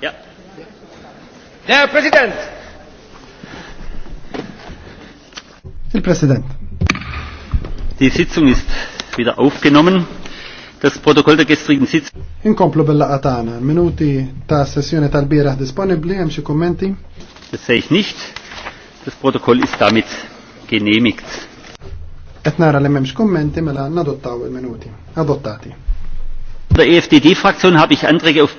Ja. Der Präsident! Die Sitzung ist wieder aufgenommen. Das Protokoll der gestrigen Sitzung. In bil bella atana. Minuti ta' sessione tal bira disponibbli hemm xi Das sehe ich nicht. Das Protokoll ist damit genehmigt. Qed nara li m'hemmx kummenti mela nadottaw il-minuti. Adottati. Der EFDD-Fraktion habe ich Anträge auf